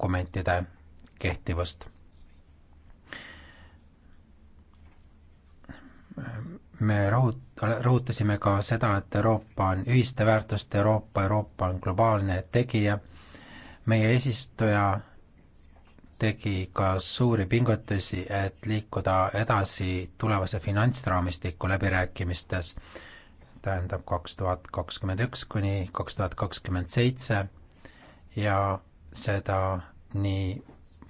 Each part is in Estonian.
dokumentide kehtivust. me rõhut-, rõhutasime ka seda, et Euroopa on ühiste väärtuste Euroopa, Euroopa on globaalne tegija. meie eesistuja tegi ka suuri pingutusi, et liikuda edasi tulevase finantsraamistiku läbirääkimistes, tähendab kaks tuhat kakskümmend üks kuni kaks tuhat kakskümmend seitse ja seda nii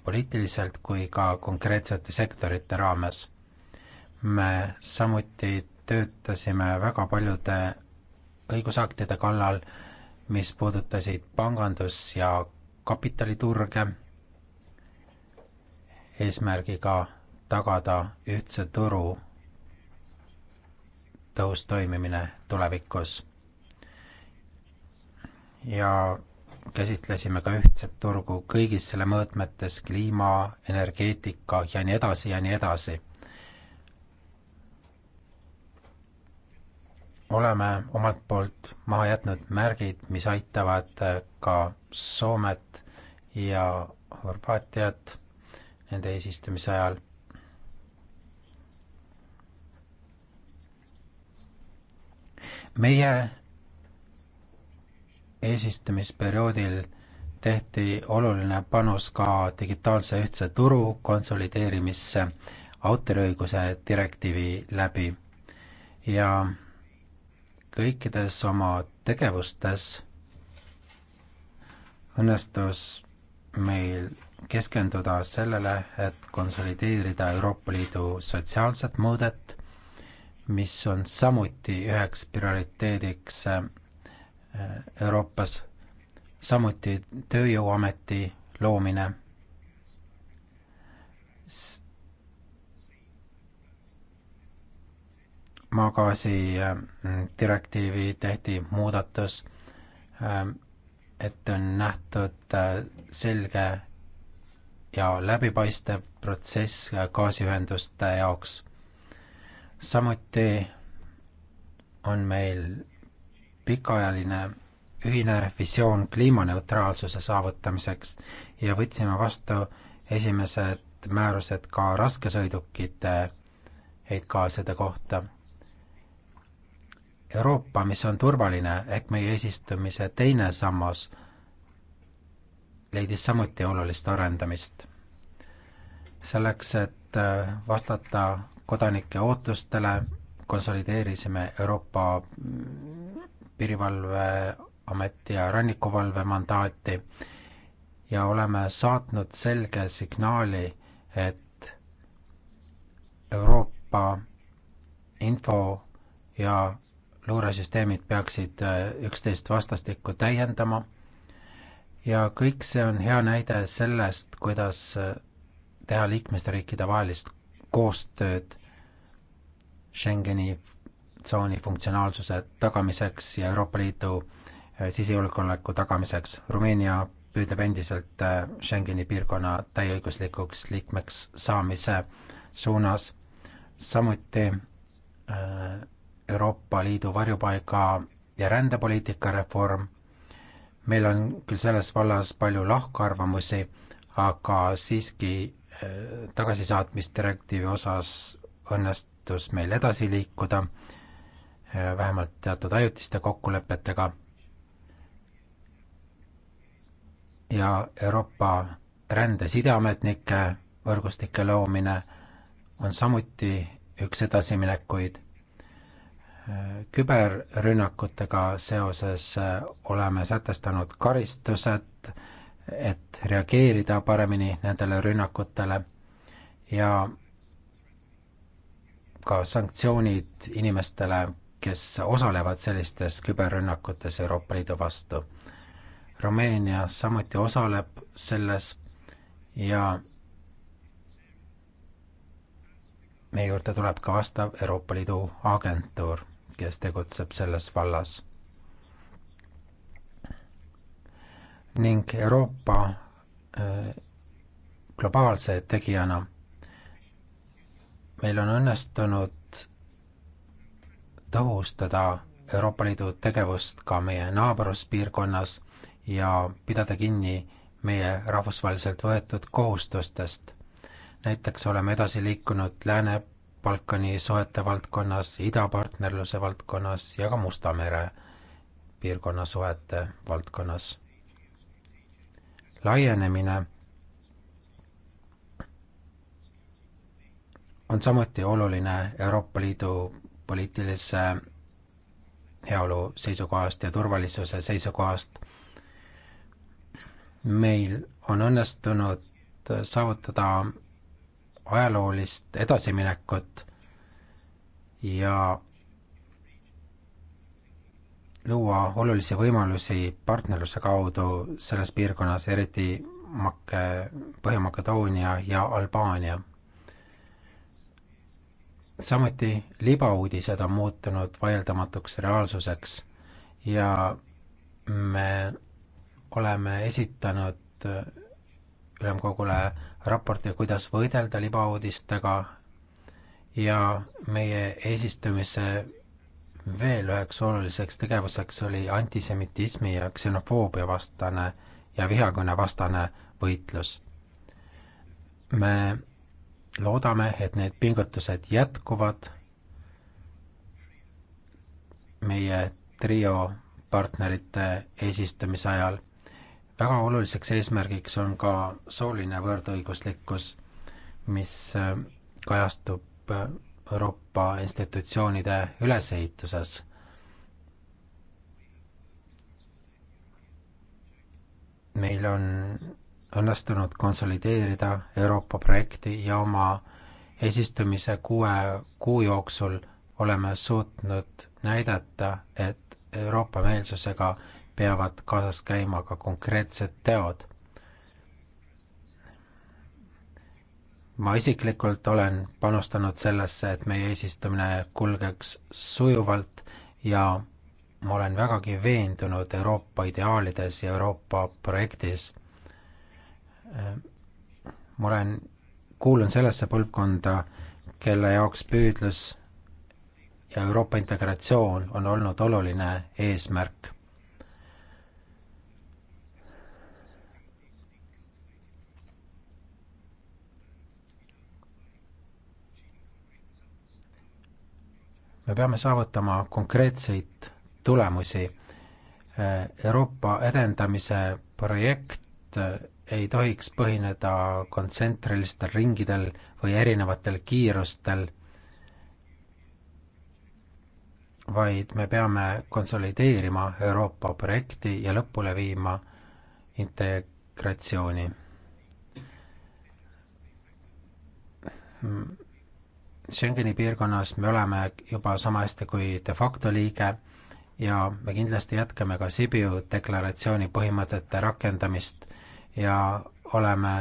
poliitiliselt kui ka konkreetsete sektorite raames. me samuti töötasime väga paljude õigusaktide kallal, mis puudutasid pangandus- ja kapitaliturge, eesmärgiga tagada ühtse turu tõhus toimimine tulevikus. ja käsitlesime ka ühtset turgu kõigis selle mõõtmetes, kliima, energeetika ja nii edasi ja nii edasi. oleme omalt poolt maha jätnud märgid, mis aitavad ka Soomet ja Horvaatiat nende eesistumise ajal meie eesistumisperioodil tehti oluline panus ka digitaalse ühtse turu konsolideerimisse autoriõiguse direktiivi läbi ja kõikides oma tegevustes õnnestus meil keskenduda sellele, et konsolideerida Euroopa Liidu sotsiaalset mõõdet, mis on samuti üheks prioriteediks Äh, Euroopas, samuti Tööjõuameti loomine. maagaasi äh, direktiivi tehti muudatus, äh, et on nähtud selge ja läbipaistev protsess gaasiühenduste jaoks. samuti on meil pikaajaline ühine visioon kliimaneutraalsuse saavutamiseks ja võtsime vastu esimesed määrused ka raskesõidukite heitgaaside kohta. Euroopa, mis on turvaline, ehk meie eesistumise teine sammas, leidis samuti olulist arendamist. selleks, et äh, vastata kodanike ootustele, konsolideerisime Euroopa Piirivalveameti ja Rannikuvalve mandaati ja oleme saatnud selge signaali, et Euroopa info- ja luuresüsteemid peaksid äh, üksteist vastastikku täiendama ja kõik see on hea näide sellest, kuidas äh, teha liikmesriikide vahelist koostööd Schengeni tsooni funktsionaalsuse tagamiseks ja Euroopa Liidu eh, sisejulgeoleku tagamiseks. Rumeenia püüdleb endiselt eh, Schengeni piirkonna täieõiguslikuks liikmeks saamise suunas, samuti eh, Euroopa Liidu varjupaiga ja rändepoliitika reform. meil on küll selles vallas palju lahkarvamusi, aga siiski tagasisaatmisdirektiivi osas õnnestus meil edasi liikuda Äh, vähemalt teatud ajutiste kokkulepetega. ja Euroopa rände sideametnike võrgustike loomine on samuti üks edasiminekuid. Äh, küberrünnakutega seoses äh, oleme sätestanud karistused, et reageerida paremini nendele rünnakutele ja ka sanktsioonid inimestele, kes osalevad sellistes küberrünnakutes Euroopa Liidu vastu. Rumeenia samuti osaleb selles ja meie juurde tuleb ka vastav Euroopa Liidu agentuur, kes tegutseb selles vallas. ning Euroopa äh, globaalse tegijana meil on õnnestunud tõhustada Euroopa Liidu tegevust ka meie naabruspiirkonnas ja pidada kinni meie rahvusvaheliselt võetud kohustustest. näiteks oleme edasi liikunud Lääne-Balkani suhete valdkonnas, idapartnerluse valdkonnas ja ka Musta mere piirkonna suhete valdkonnas. laienemine on samuti oluline Euroopa Liidu poliitilise heaolu seisukohast ja turvalisuse seisukohast. meil on õnnestunud saavutada ajaloolist edasiminekut ja luua olulisi võimalusi partnerluse kaudu selles piirkonnas, eriti Makke, Põhja-Makedoonia ja Albaania samuti libauudised on muutunud vaieldamatuks reaalsuseks ja me oleme esitanud ülemkogule raporti, kuidas võidelda libauudistega ja meie eesistumise veel üheks oluliseks tegevuseks oli antisemitismi ja ksenofoobia vastane ja vihakõne vastane võitlus. me loodame, et need pingutused jätkuvad meie trio partnerite eesistumise ajal. väga oluliseks eesmärgiks on ka sooline võrdõiguslikkus, mis äh, kajastub äh, Euroopa institutsioonide ülesehituses. meil on õnnestunud konsolideerida Euroopa projekti ja oma eesistumise kuue kuu jooksul oleme suutnud näidata, et Euroopa meelsusega peavad kaasas käima ka konkreetsed teod. ma isiklikult olen panustanud sellesse, et meie eesistumine kulgeks sujuvalt ja ma olen vägagi veendunud Euroopa ideaalides ja Euroopa projektis ma olen, kuulun sellesse põlvkonda, kelle jaoks püüdlus ja Euroopa integratsioon on olnud oluline eesmärk. me peame saavutama konkreetseid tulemusi. Euroopa edendamise projekt et äh, ei tohiks põhineda kontsentrilistel ringidel või erinevatel kiirustel, vaid me peame konsolideerima Euroopa projekti ja lõpule viima integratsiooni. Schengeni piirkonnas me oleme juba sama hästi kui de facto liige ja me kindlasti jätkame ka Sibiu deklaratsiooni põhimõtete rakendamist ja oleme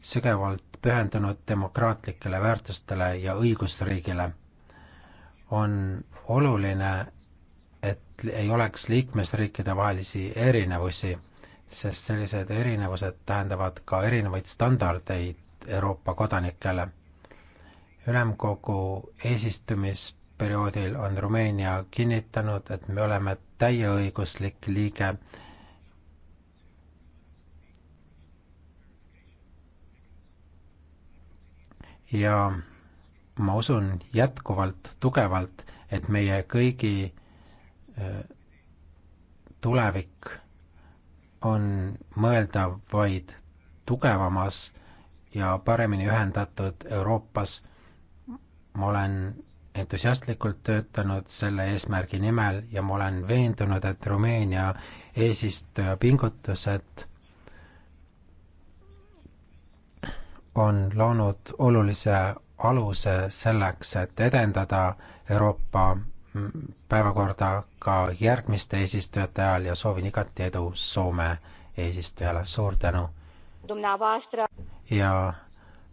sügavalt pühendunud demokraatlikele väärtustele ja õigusriigile. on oluline, et ei oleks liikmesriikide vahelisi erinevusi, sest sellised erinevused tähendavad ka erinevaid standardeid Euroopa kodanikele. ülemkogu eesistumisperioodil on Rumeenia kinnitanud, et me oleme täieõiguslik liige ja ma usun jätkuvalt tugevalt, et meie kõigi äh, tulevik on mõeldav vaid tugevamas ja paremini ühendatud Euroopas. ma olen entusiastlikult töötanud selle eesmärgi nimel ja ma olen veendunud, et Rumeenia eesistuja pingutused on loonud olulise aluse selleks, et edendada Euroopa mm, päevakorda ka järgmiste eesistujate ajal ja soovin igati edu Soome eesistujale, suur tänu! ja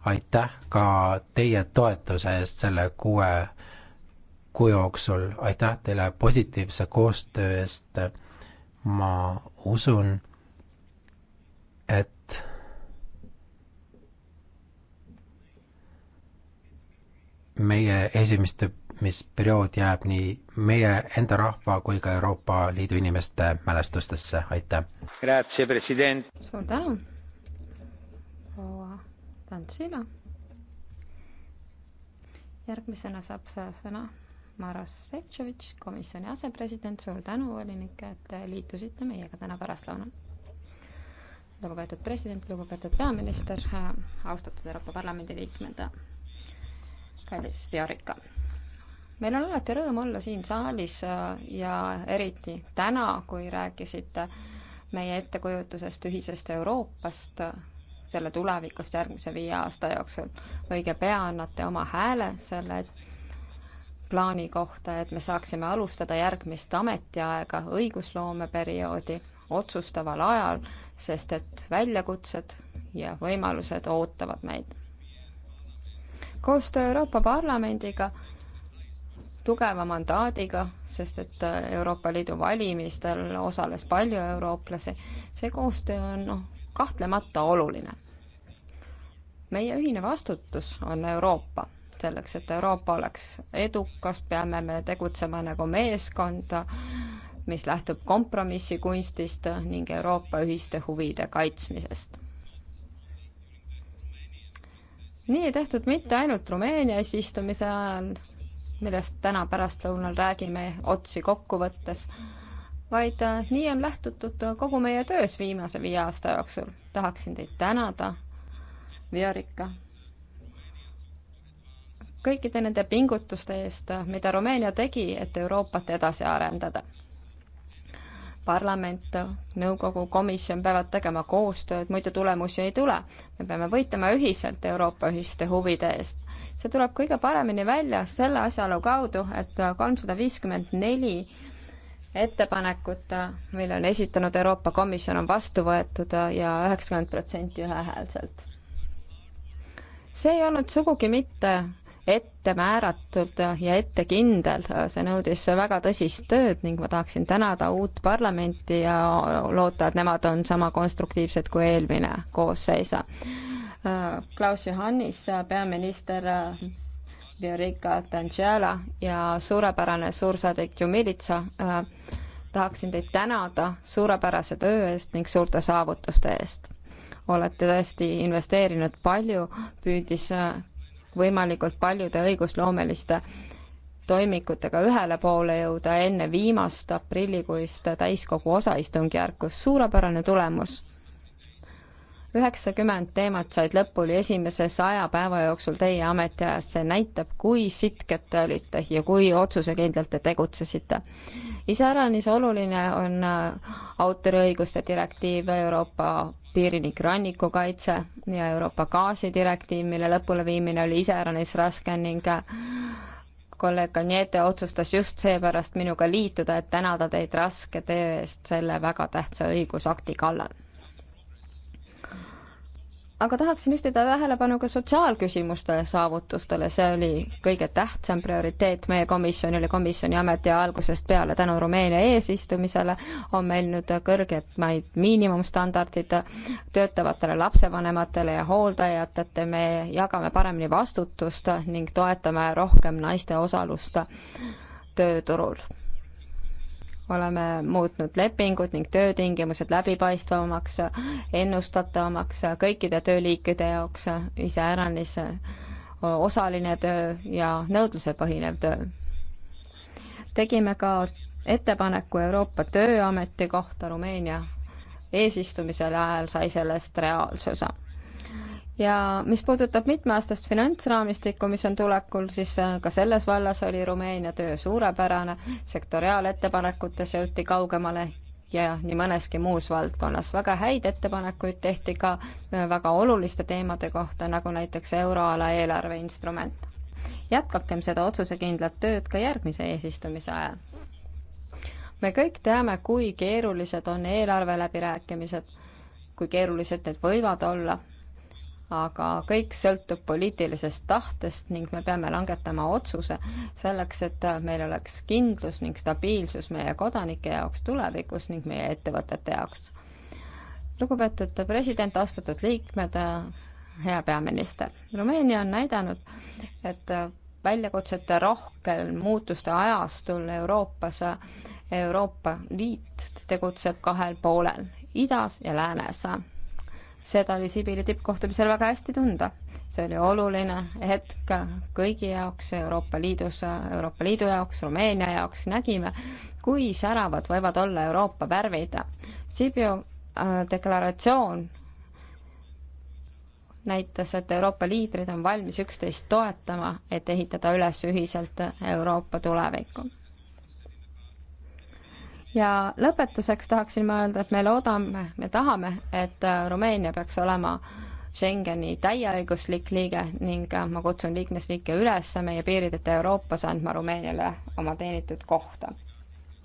aitäh ka teie toetuse eest selle kuue kuu jooksul, aitäh teile positiivse koostöö eest, ma usun, et meie esimestumisperiood jääb nii meie enda rahva kui ka Euroopa Liidu inimeste mälestustesse, aitäh! suur tänu, proua Tantsila! järgmisena saab sõna Maros Sefcovic, komisjoni asepresident, suur tänu, volinik, et liitusite meiega täna pärastlõunal. lugupeetud president, lugupeetud peaminister, austatud Euroopa Parlamendi liikmed, välisteorika. meil on alati rõõm olla siin saalis äh, ja eriti täna, kui rääkisite meie ettekujutusest ühisest Euroopast, selle tulevikust järgmise viie aasta jooksul. õige pea annate oma hääle selle plaani kohta, et me saaksime alustada järgmist ametiaega, õigusloomeperioodi otsustaval ajal, sest et väljakutsed ja võimalused ootavad meid koostöö Euroopa Parlamendiga tugeva mandaadiga, sest et äh, Euroopa Liidu valimistel osales palju eurooplasi. see koostöö on noh, kahtlemata oluline. meie ühine vastutus on Euroopa. selleks, et Euroopa oleks edukas, peame me tegutsema nagu meeskond, mis lähtub kompromissikunstist ning Euroopa ühiste huvide kaitsmisest nii ei tehtud mitte ainult Rumeenia eesistumise ajal, millest täna pärastlõunal räägime otsi kokkuvõttes, vaid äh, nii on lähtutud kogu meie töös viimase viie aasta jooksul. tahaksin teid tänada, Viorika, kõikide nende pingutuste eest, äh, mida Rumeenia tegi, et Euroopat edasi arendada parlament, nõukogu, komisjon peavad tegema koostööd, muidu tulemusi ei tule. me peame võitlema ühiselt Euroopa ühiste huvide eest. see tuleb kõige paremini välja selle asjaolu kaudu, et kolmsada viiskümmend neli ettepanekut, mille on esitanud Euroopa Komisjon, on vastu võetud ja üheksakümmend protsenti ühehäälselt. see ei olnud sugugi mitte ettemääratult ja ettekindel. see nõudis väga tõsist tööd ning ma tahaksin tänada uut parlamenti ja loota, et nemad on sama konstruktiivsed kui eelmine koosseis. Klaus Johannis, peaminister Viorica Tangela ja suurepärane suursaadik Jumilitsa tahaksin teid tänada suurepärase töö eest ning suurte saavutuste eest. olete tõesti investeerinud palju, püüdis võimalikult paljude õigusloomeliste toimikutega ühele poole jõuda enne viimast aprillikuist täiskogu osaistungjärku. suurepärane tulemus üheksakümmend teemat said lõpuni esimese saja päeva jooksul teie ametiajast, see näitab, kui sitked te olite ja kui otsusekindlalt te tegutsesite. iseäranis oluline on äh, autoriõiguste direktiiv, Euroopa piirinik rannikukaitse ja Euroopa gaasidirektiiv, mille lõpuleviimine oli iseäranis raske ning äh, kolleeg Anjete otsustas just seepärast minuga liituda, et tänada teid raske töö eest selle väga tähtsa õigusakti kallal aga tahaksin juhtida tähelepanu ka sotsiaalküsimuste saavutustele, see oli kõige tähtsam prioriteet meie komisjonile, komisjoni ametiaja algusest peale. tänu Rumeenia eesistumisele on meil nüüd kõrgemaid miinimumstandardid töötavatele lapsevanematele ja hooldajatele, me jagame paremini vastutust ning toetame rohkem naiste osalust tööturul oleme muutnud lepingud ning töötingimused läbipaistvamaks, ennustatavamaks kõikide tööliikide jaoks, iseäranis osaline töö ja nõudluse põhinev töö. tegime ka ettepaneku Euroopa Tööameti kohta Rumeenia eesistumisel ajal sai sellest reaalsuse ja mis puudutab mitmeaastast finantsraamistikku, mis on tulekul, siis äh, ka selles vallas oli Rumeenia töö suurepärane, sektoriaalettepanekutes jõuti kaugemale ja nii mõneski muus valdkonnas. väga häid ettepanekuid tehti ka äh, väga oluliste teemade kohta, nagu näiteks euroala eelarveinstrument. jätkakem seda otsusekindlat tööd ka järgmise eesistumise ajal. me kõik teame, kui keerulised on eelarve läbirääkimised, kui keerulised need võivad olla aga kõik sõltub poliitilisest tahtest ning me peame langetama otsuse selleks, et meil oleks kindlus ning stabiilsus meie kodanike jaoks tulevikus ning meie ettevõtete jaoks. lugupeetud president, austatud liikmed, hea peaminister, Rumeenia on näidanud, et väljakutsete rohkel muutuste ajastul Euroopas Euroopa Liit tegutseb kahel poolel, idas ja läänes seda oli Sibiri tippkohtumisel väga hästi tunda. see oli oluline hetk kõigi jaoks Euroopa Liidus, Euroopa Liidu jaoks, Rumeenia jaoks, nägime, kui säravad võivad olla Euroopa värvid. Sibiu äh, deklaratsioon näitas, et Euroopa liidrid on valmis üksteist toetama, et ehitada üles ühiselt Euroopa tulevikku ja lõpetuseks tahaksin ma öelda, et me loodame, me tahame, et äh, Rumeenia peaks olema Schengeni täieõiguslik liige ning äh, ma kutsun liikmesriike üles meie piirideta Euroopas andma Rumeeniale oma teenitud kohta.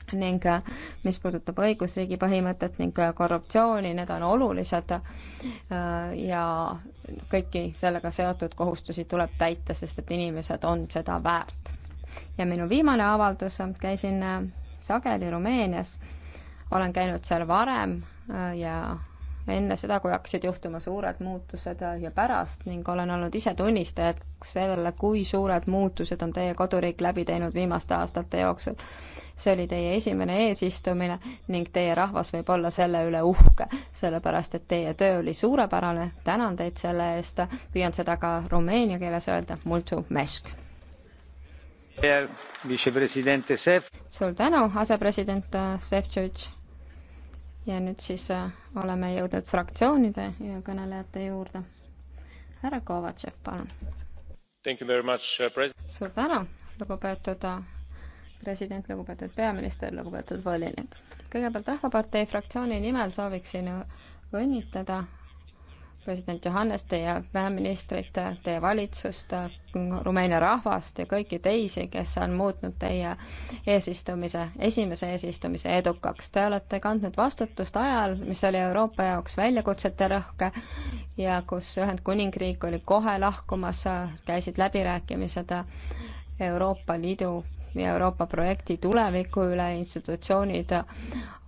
ning äh, mis puudutab õigusriigi põhimõtet ning korruptsiooni, need on olulised ja kõiki sellega seotud kohustusi tuleb täita, sest et inimesed on seda väärt. ja minu viimane avaldus, käisin sageli Rumeenias. olen käinud seal varem äh, ja enne seda, kui hakkasid juhtuma suured muutused äh, ja pärast ning olen olnud ise tunnistajaks sellele, kui suured muutused on teie koduriik läbi teinud viimaste aastate jooksul. see oli teie esimene eesistumine ning teie rahvas võib olla selle üle uhke, sellepärast et teie töö oli suurepärane, tänan teid selle eest, püüan seda ka rumeenia keeles öelda, mulțumesc! suur tänu, asepresident Šefčovitš. Äh, ja nüüd siis äh, oleme jõudnud fraktsioonide ja kõnelejate juurde. härra Kovatšev, palun. Uh, suur tänu, lugupeetud äh, president, lugupeetud peaminister, lugupeetud volinik. kõigepealt Rahvapartei fraktsiooni nimel sooviksin õnnitleda president Johannes, teie peaministrit, teie valitsust, Rumeenia rahvast ja kõiki teisi, kes on muutnud teie eesistumise, esimese eesistumise edukaks. Te olete kandnud vastutust ajal, mis oli Euroopa jaoks väljakutsete rõhke ja kus Ühendkuningriik oli kohe lahkumas, käisid läbirääkimised Euroopa Liidu ja Euroopa projekti tuleviku üle institutsioonid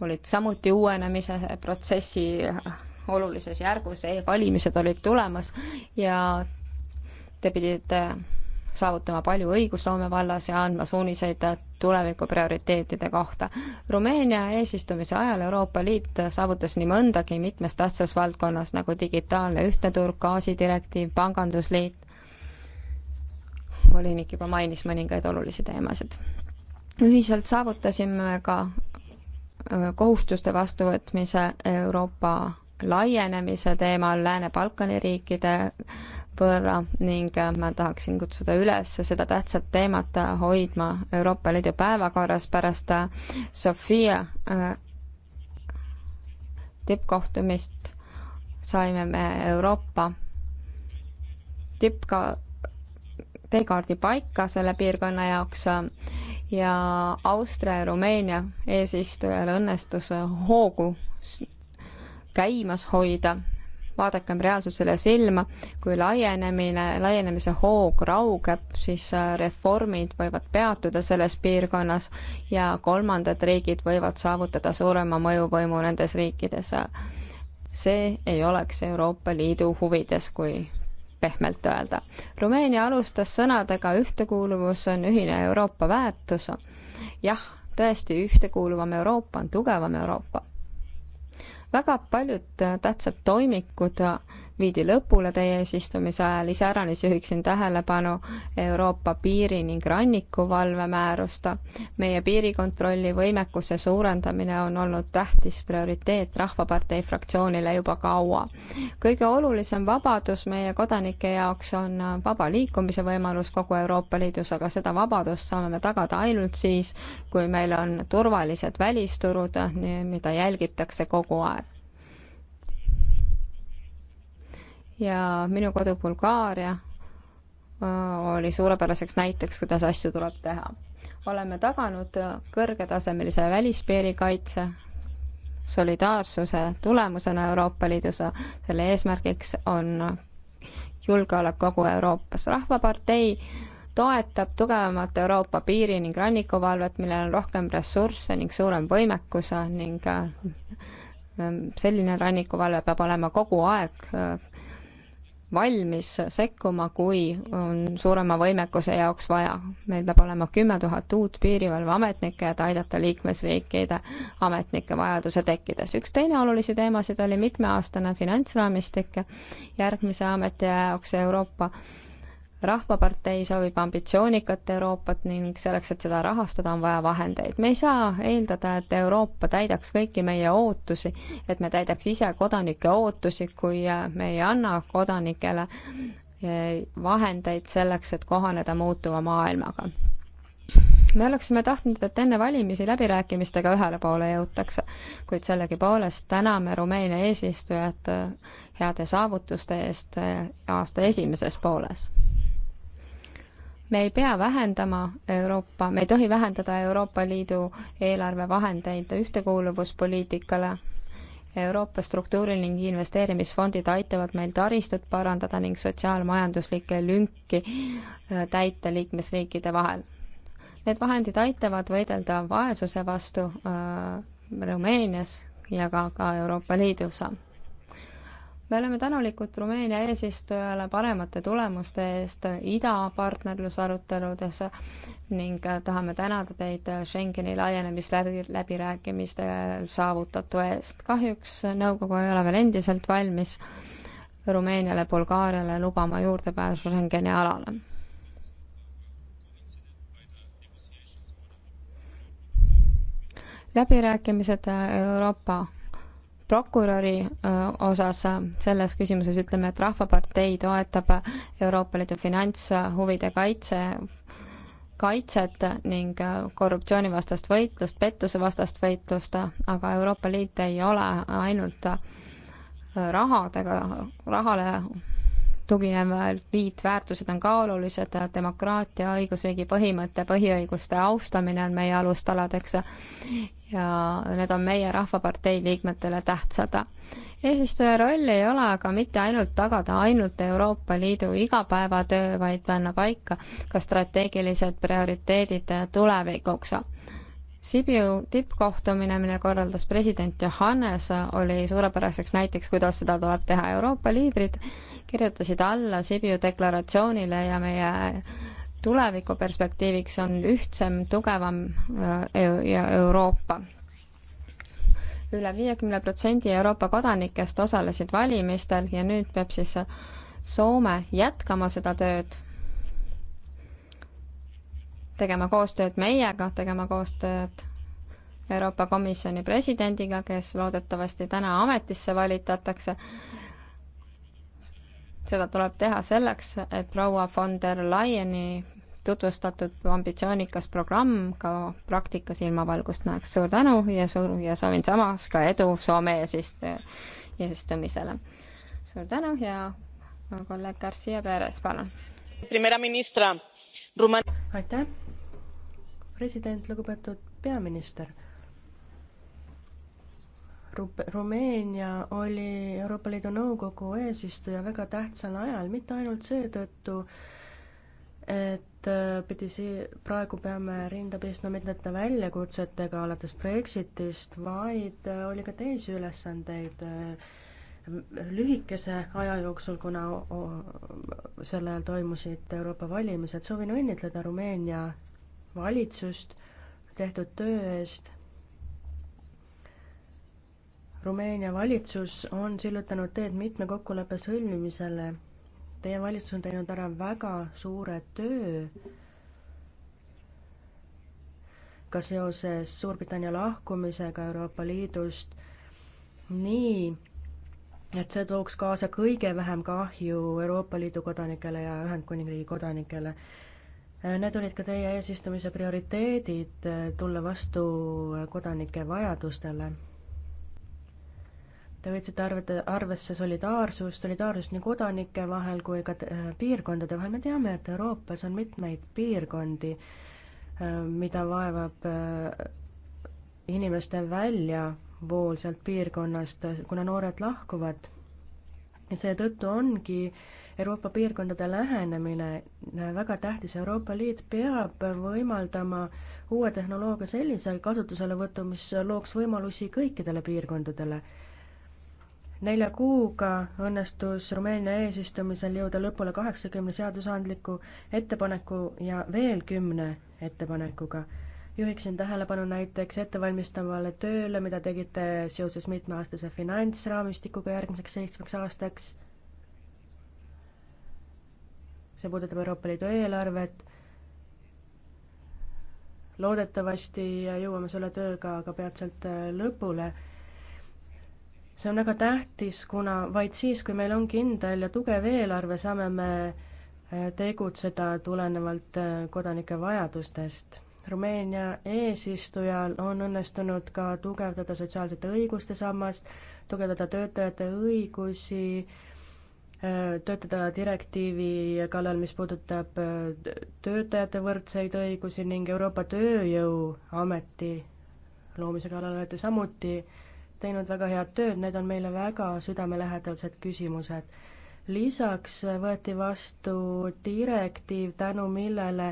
olid samuti uuenemise protsessi olulises järgus e, e-valimised olid tulemas ja te pidite saavutama palju õigusloome vallas ja andma suuniseid tuleviku prioriteetide kohta. Rumeenia eesistumise ajal Euroopa Liit saavutas nii mõndagi mitmes tähtsas valdkonnas, nagu digitaalne ühtne turg, gaasidirektiiv, pangandusliit, volinik juba mainis mõningaid olulisi teemasid. ühiselt saavutasime ka äh, kohustuste vastuvõtmise Euroopa laienemise teemal Lääne-Balkani riikide võrra ning äh, ma tahaksin kutsuda üles seda tähtsat teemat äh, hoidma Euroopa Liidu päevakorras pärast äh, Sofia tippkohtumist saime me Euroopa tippka-, teekaardi paika selle piirkonna jaoks ja Austria ja Rumeenia eesistujal õnnestus hoogu käimas hoida, vaadakem reaalsusele silma, kui laienemine, laienemise hoog raugeb, siis äh, reformid võivad peatuda selles piirkonnas ja kolmandad riigid võivad saavutada suurema mõjuvõimu nendes riikides. see ei oleks Euroopa Liidu huvides, kui pehmelt öelda. Rumeenia alustas sõnadega ühtekuuluvus on ühine Euroopa väärtus. jah, tõesti, ühtekuuluvam Euroopa on tugevam Euroopa väga paljud äh, tähtsad toimikud äh, viidi lõpule teie eesistumise ajal, iseäranis juhiksin tähelepanu Euroopa piiri- ning rannikuvalve määrust. meie piirikontrolli võimekuse suurendamine on olnud tähtis prioriteet Rahvapartei fraktsioonile juba kaua. kõige olulisem vabadus meie kodanike jaoks on vaba liikumise võimalus kogu Euroopa Liidus, aga seda vabadust saame me tagada ainult siis, kui meil on turvalised välisturud, mida jälgitakse kogu aeg ja minu kodu Bulgaaria äh, oli suurepäraseks näiteks, kuidas asju tuleb teha. oleme taganud kõrgetasemelise välispiiri kaitse solidaarsuse tulemusena Euroopa Liidus. selle eesmärgiks on julgeolek kogu Euroopas. rahvapartei toetab tugevamat Euroopa piiri ning rannikuvalvet, millel on rohkem ressursse ning suurem võimekus ning äh, selline rannikuvalve peab olema kogu aeg äh, valmis sekkuma, kui on suurema võimekuse jaoks vaja. meil peab olema kümme tuhat uut piirivalveametnikke, et aidata liikmesriikide ametnike vajaduse tekkides. üks teine olulisi teemasid oli mitmeaastane finantsraamistik järgmise ameti jaoks Euroopa rahvapartei soovib ambitsioonikat Euroopat ning selleks, et seda rahastada, on vaja vahendeid. me ei saa eeldada, et Euroopa täidaks kõiki meie ootusi, et me täidaks ise kodanike ootusi, kui me ei anna kodanikele eh, vahendeid selleks, et kohaneda muutuva maailmaga. me oleksime tahtnud, et enne valimisi läbirääkimistega ühele poole jõutakse, kuid sellegipoolest täname Rumeenia eesistujat eh, heade saavutuste eest eh, aasta esimeses pooles me ei pea vähendama Euroopa, me ei tohi vähendada Euroopa Liidu eelarvevahendeid ühtekuuluvuspoliitikale. Euroopa struktuuri- ning investeerimisfondid aitavad meil taristut parandada ning sotsiaalmajanduslikke lünki äh, täita liikmesriikide vahel. Need vahendid aitavad võidelda vaesuse vastu äh, Rumeenias ja ka, ka Euroopa Liidus me oleme tänulikud Rumeenia eesistujale paremate tulemuste eest idapartnerlusaruteludes ning tahame tänada teid Schengeni laienemisläbirääkimiste saavutatu eest. kahjuks nõukogu ei ole veel endiselt valmis Rumeeniale, Bulgaariale lubama juurdepääsu Schengeni alale. läbirääkimised Euroopa prokuröri äh, osas selles küsimuses ütleme, et Rahvapartei toetab Euroopa Liidu finantshuvide kaitse kaitset ning äh, korruptsioonivastast võitlust, pettusevastast võitlust, aga Euroopa Liit ei ole ainult äh, rahadega, rahale tuginev liit, väärtused on ka olulised, demokraatia, õigusriigi põhimõte, põhiõiguste austamine on meie alustaladeks ja need on meie Rahvapartei liikmetele tähtsad. eesistuja roll ei ole aga mitte ainult tagada ainult Euroopa Liidu igapäevatöö, vaid panna paika ka strateegilised prioriteedid tulevikuks Sibiu tippkohtumine, mille korraldas president Johannes, oli suurepäraseks näiteks, kuidas seda tuleb teha. Euroopa liidrid kirjutasid alla Sibiu deklaratsioonile ja meie tulevikuperspektiiviks on ühtsem, tugevam äh, Euroopa üle. üle viiekümne protsendi Euroopa kodanikest osalesid valimistel ja nüüd peab siis Soome jätkama seda tööd tegema koostööd meiega, tegema koostööd Euroopa Komisjoni presidendiga, kes loodetavasti täna ametisse valitatakse. seda tuleb teha selleks, et proua von der Leyeni tutvustatud ambitsioonikas programm ka praktikas ilmavalgust näeks. suur tänu ja suur ja soovin samas ka edu Soome eesistu-, eesistumisele. suur tänu ja kolleeg Garcia Perez, palun. aitäh president, lugupeetud peaminister Rumeenia oli Euroopa Liidu Nõukogu eesistuja väga tähtsal ajal, mitte ainult seetõttu, et äh, pidi sii-, praegu peame rinda pistma mitmete väljakutsetega alates Brexitist, vaid äh, oli ka teisi ülesandeid äh, lühikese aja jooksul, kuna sel ajal toimusid Euroopa valimised. soovin õnnitleda Rumeenia valitsust tehtud töö eest. Rumeenia valitsus on sillutanud teed mitme kokkuleppe sõlmimisele. Teie valitsus on teinud ära väga suure töö ka seoses Suurbritannia lahkumisega Euroopa Liidust nii, et see tooks kaasa kõige vähem kahju Euroopa Liidu kodanikele ja Ühendkuningriigi kodanikele Need olid ka teie eesistumise prioriteedid, eh, tulla vastu eh, kodanike vajadustele. Te võtsite arvete, arvesse solidaarsust, solidaarsust nii kodanike vahel kui ka eh, piirkondade vahel. me teame, et Euroopas on mitmeid piirkondi, mida vaevab inimeste väljavool sealt piirkonnast, kuna noored lahkuvad. ja seetõttu ongi Euroopa piirkondade lähenemine äh, väga tähtis. Euroopa Liit peab võimaldama uue tehnoloogia sellise kasutuselevõtu, mis looks võimalusi kõikidele piirkondadele. nelja kuuga õnnestus Rumeenia eesistumisel jõuda lõpule kaheksakümne seadusandliku ettepaneku ja veel kümne ettepanekuga juhiksin tähelepanu näiteks ettevalmistavale tööle, mida tegite seoses mitmeaastase finantsraamistikuga järgmiseks seitsmeks aastaks see puudutab Euroopa Liidu eelarvet, loodetavasti jõuame selle tööga ka peatselt äh, lõpule. see on väga tähtis, kuna vaid siis, kui meil on kindel ja tugev eelarve, saame me äh, tegutseda tulenevalt äh, kodanike vajadustest. Rumeenia eesistujal on õnnestunud ka tugevdada sotsiaalsete õiguste sammast, tugevdada töötajate õigusi äh,, töötada direktiivi kallal, mis puudutab äh, töötajate võrdseid õigusi ning Euroopa Tööjõuameti loomise kallal olete samuti teinud väga head tööd, need on meile väga südamelähedased küsimused. lisaks võeti vastu direktiiv, tänu millele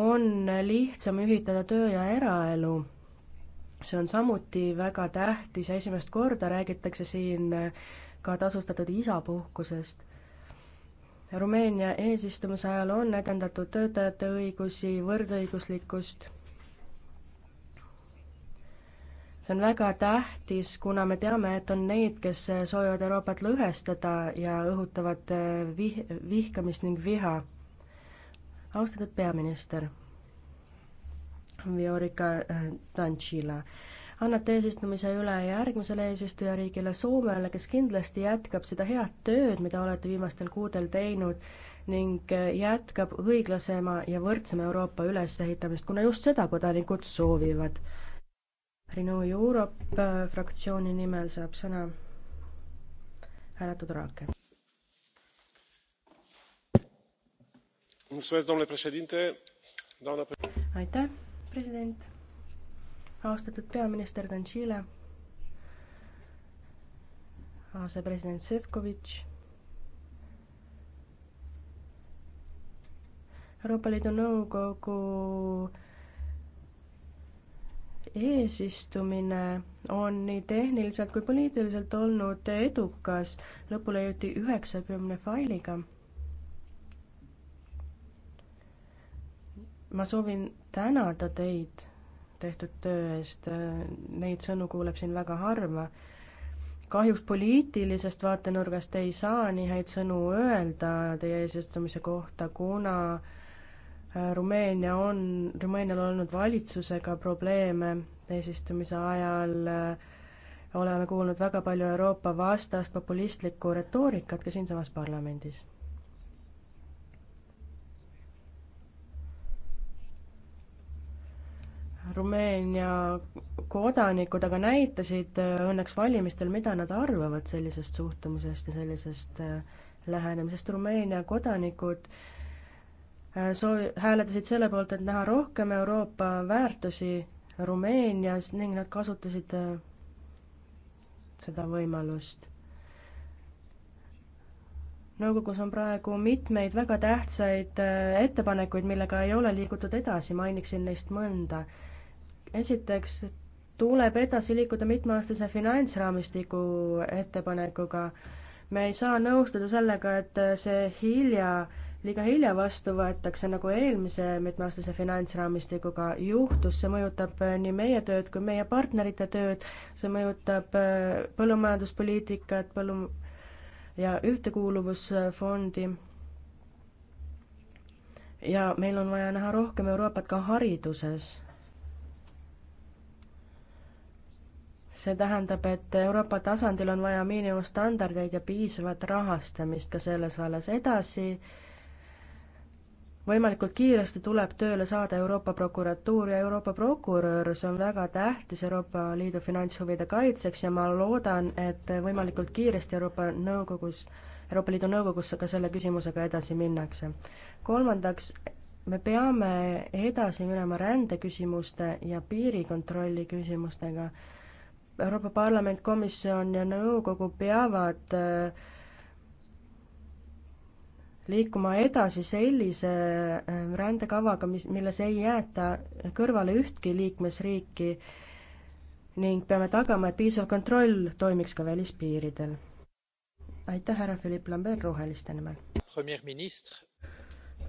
on lihtsam ühitada töö ja eraelu see on samuti väga tähtis ja esimest korda räägitakse siin äh, ka tasustatud isapuhkusest. Rumeenia eesistumise ajal on edendatud töötajate õigusi, võrdõiguslikkust. see on väga tähtis, kuna me teame, et on neid, kes soovivad Euroopat lõhestada ja õhutavad eh, vih-, vihkamist ning viha. austatud peaminister Viorica eh, Danchila annate eesistumise üle järgmisele eesistujariigile Soomele, kes kindlasti jätkab seda head tööd, mida olete viimastel kuudel teinud ning äh, jätkab õiglasema ja võrdsema Euroopa ülesehitamist, kuna just seda kodanikud soovivad. Renew Europe äh, fraktsiooni nimel saab sõna härra Tudoraake. aitäh, president austatud peaminister Dantšile, asepresident Šefkovitš, Euroopa Liidu Nõukogu eesistumine on nii tehniliselt kui poliitiliselt olnud edukas, lõpule jõuti üheksakümne failiga. ma soovin tänada teid tehtud töö eest, neid sõnu kuuleb siin väga harva. kahjuks poliitilisest vaatenurgast ei saa nii häid sõnu öelda teie eesistumise kohta, kuna äh, Rumeenia on, Rumeenial on olnud valitsusega probleeme eesistumise ajal, oleme kuulnud väga palju Euroopa vastast populistlikku retoorikat ka siinsamas parlamendis Rumeenia kodanikud aga näitasid äh, õnneks valimistel, mida nad arvavad sellisest suhtumisest ja sellisest äh, lähenemisest. Rumeenia kodanikud äh, soovi-, hääletasid selle poolt, et näha rohkem Euroopa väärtusi Rumeenias ning nad kasutasid seda võimalust. nõukogus on praegu mitmeid väga tähtsaid ettepanekuid, millega ei ole liigutud edasi, mainiksin neist mõnda esiteks tuleb edasi liikuda mitmeaastase finantsraamistiku ettepanekuga. me ei saa nõustuda sellega, et see hilja, liiga hilja vastu võetakse, nagu eelmise mitmeaastase finantsraamistikuga juhtus, see mõjutab nii meie tööd kui meie partnerite tööd, see mõjutab äh, põllumajanduspoliitikat, põllum- ja ühtekuuluvusfondi ja meil on vaja näha rohkem Euroopat ka hariduses see tähendab, et Euroopa tasandil on vaja miinimumstandardeid ja piisavat rahastamist ka selles vallas edasi. võimalikult kiiresti tuleb tööle saada Euroopa prokuratuur ja Euroopa prokurör, see on väga tähtis Euroopa Liidu finantshuvide kaitseks ja ma loodan, et võimalikult kiiresti Euroopa Nõukogus, Euroopa Liidu Nõukogusse ka selle küsimusega edasi minnakse. kolmandaks, me peame edasi minema rändeküsimuste ja piirikontrolli küsimustega Euroopa Parlament, komisjon ja nõukogu peavad äh, liikuma edasi sellise äh, rändekavaga, mis, milles ei jäeta kõrvale ühtki liikmesriiki ning peame tagama, et piisav kontroll toimiks ka välispiiridel. aitäh, härra Philippe Lambert Roheliste nimel!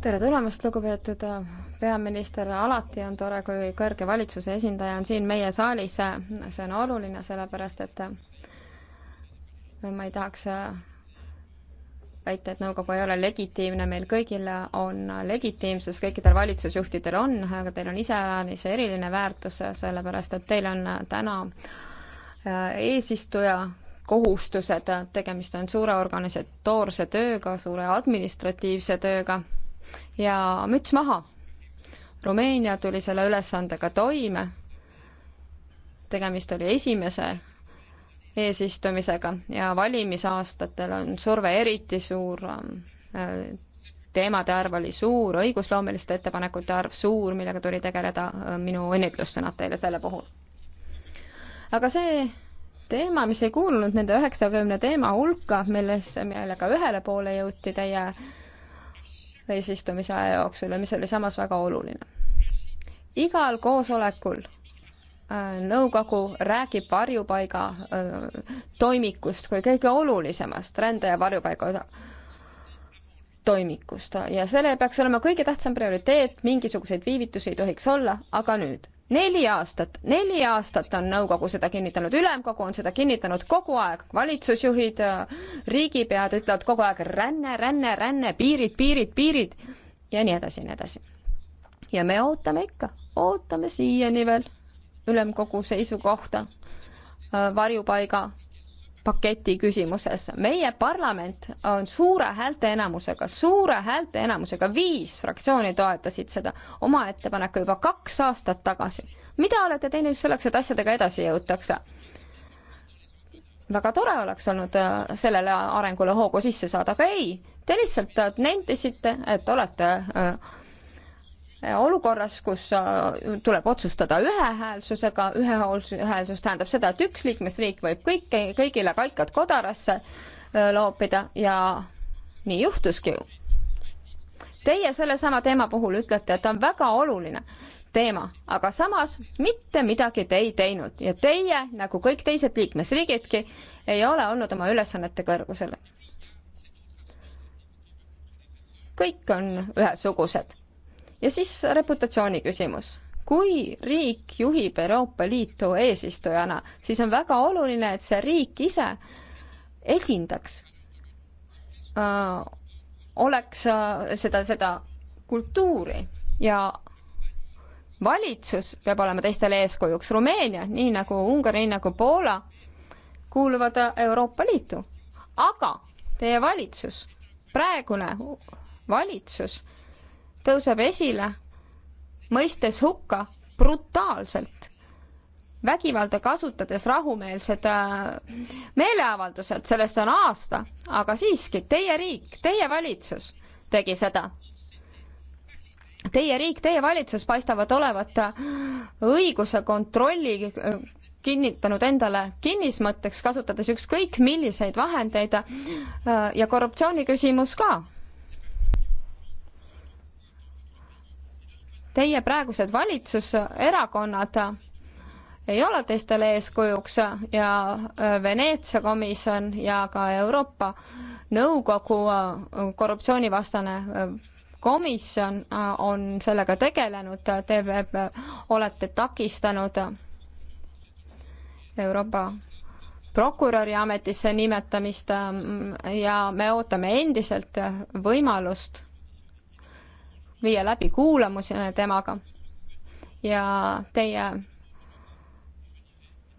tere tulemast, lugupeetud äh, peaminister, alati on tore, kui kõrge valitsuse esindaja on siin meie saalis. see on oluline, sellepärast et äh, ma ei tahaks äh, väita, et nõukogu ei ole legitiimne, meil kõigil on legitiimsus, kõikidel valitsusjuhtidel on, aga teil on iseäranis eriline väärtus, sellepärast et teil on täna eesistuja kohustused, tegemist on suure organisatoorse tööga, suure administratiivse tööga ja müts maha. Rumeenia tuli selle ülesandega toime. tegemist oli esimese eesistumisega ja valimisaastatel on surve eriti suur. Äh, teemade arv oli suur, õigusloomeliste ettepanekute arv suur, millega tuli tegeleda. Äh, minu õnnitlussõnad teile selle puhul. aga see teema, mis ei kuulunud nende üheksakümne teema hulka, milles, millega ühele poole jõuti teie eesistumise aja jooksul ja mis oli samas väga oluline. igal koosolekul äh, nõukogu räägib varjupaiga äh, toimikust kui kõige olulisemast rände ja varjupaiga toimikust ja selle peaks olema kõige tähtsam prioriteet, mingisuguseid viivitusi ei tohiks olla, aga nüüd neli aastat, neli aastat on nõukogu seda kinnitanud, ülemkogu on seda kinnitanud kogu aeg, valitsusjuhid, äh, riigipead ütlevad kogu aeg ränne, ränne, ränne, piirid, piirid, piirid ja nii edasi ja nii edasi. ja me ootame ikka, ootame siiani veel ülemkogu seisukohta äh, varjupaiga paketi küsimuses. meie parlament on suure häälteenamusega, suure häälteenamusega, viis fraktsiooni toetasid seda oma ettepaneku juba kaks aastat tagasi. mida olete teinud selleks, et asjadega edasi jõutakse? väga tore oleks olnud äh, sellele arengule hoogu sisse saada, aga ei, te lihtsalt äh, nentisite, et olete äh, olukorras, kus äh, tuleb otsustada ühehäälsusega, ühehäälsus tähendab seda, et üks liikmesriik võib kõike, kõigile kaikad kodarasse äh, loopida ja nii juhtuski ju. Teie sellesama teema puhul ütlete, et on väga oluline teema, aga samas mitte midagi te ei teinud ja teie, nagu kõik teised liikmesriigidki, ei ole olnud oma ülesannete kõrgusel. kõik on ühesugused ja siis reputatsiooni küsimus. kui riik juhib Euroopa Liitu eesistujana, siis on väga oluline, et see riik ise esindaks, äh, oleks äh, seda, seda kultuuri ja valitsus peab olema teistele eeskujuks. Rumeenia, nii nagu Ungari, nii nagu Poola, kuuluvad äh, Euroopa Liitu. aga teie valitsus, praegune valitsus tõuseb esile, mõistes hukka brutaalselt vägivalda kasutades rahumeelsed äh, meeleavaldused, sellest on aasta, aga siiski teie riik, teie valitsus tegi seda. Teie riik, teie valitsus paistavad olevat äh, õiguse kontrolli äh, kinnitanud endale kinnismõtteks, kasutades ükskõik milliseid vahendeid ja korruptsiooniküsimus ka Teie praegused valitsuserakonnad ei ole teistele eeskujuks ja äh, Veneetsia komisjon ja ka Euroopa Nõukogu äh, korruptsioonivastane äh, komisjon on sellega tegelenud, te olete takistanud Euroopa prokuröri ametisse nimetamist ja me ootame endiselt võimalust viia läbi kuulamusi temaga ja teie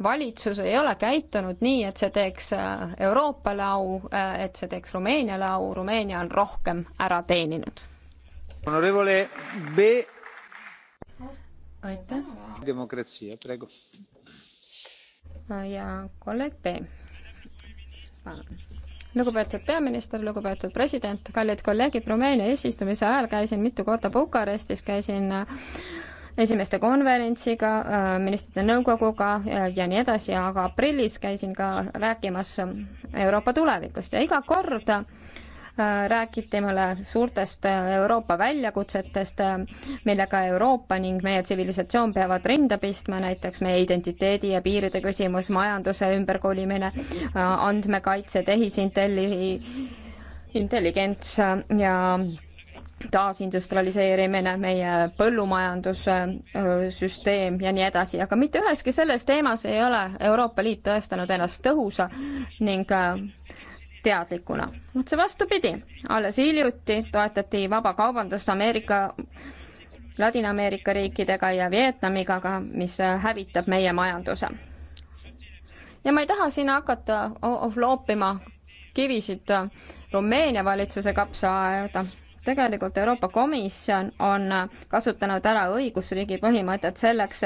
valitsus ei ole käitunud nii, et see teeks äh, Euroopale au, äh, et see teeks Rumeeniale au, Rumeenia on rohkem ära teeninud. aitäh. demokraatia praegu. ja kolleeg B. palun lugupeetud peaminister, lugupeetud president, kallid kolleegid, Rumeenia eesistumise ajal käisin mitu korda Bukarestis, käisin äh, esimeste konverentsiga, äh, ministrite nõukoguga ja, äh, ja nii edasi, aga aprillis käisin ka rääkimas Euroopa tulevikust ja iga kord Äh, räägib temale suurtest äh, Euroopa väljakutsetest, äh, millega Euroopa ning meie tsivilisatsioon peavad rinda pistma, näiteks meie identiteedi ja piiride küsimus, majanduse ümberkolimine, andmekaitse, tehisintelli-, intelligents ja taasindustrialiseerimine, meie põllumajandussüsteem ja nii edasi, aga mitte üheski selles teemas ei ole Euroopa Liit tõestanud ennast tõhusa ning teadlikuna. otse vastupidi, alles hiljuti toetati vabakaubandust Ameerika Ladina-Ameerika riikidega ja Vietnamiga, aga mis hävitab meie majanduse. ja ma ei taha siin hakata loopima kivisid Rumeenia valitsuse kapsaaeda tegelikult Euroopa Komisjon on kasutanud ära õigusriigi põhimõtet selleks,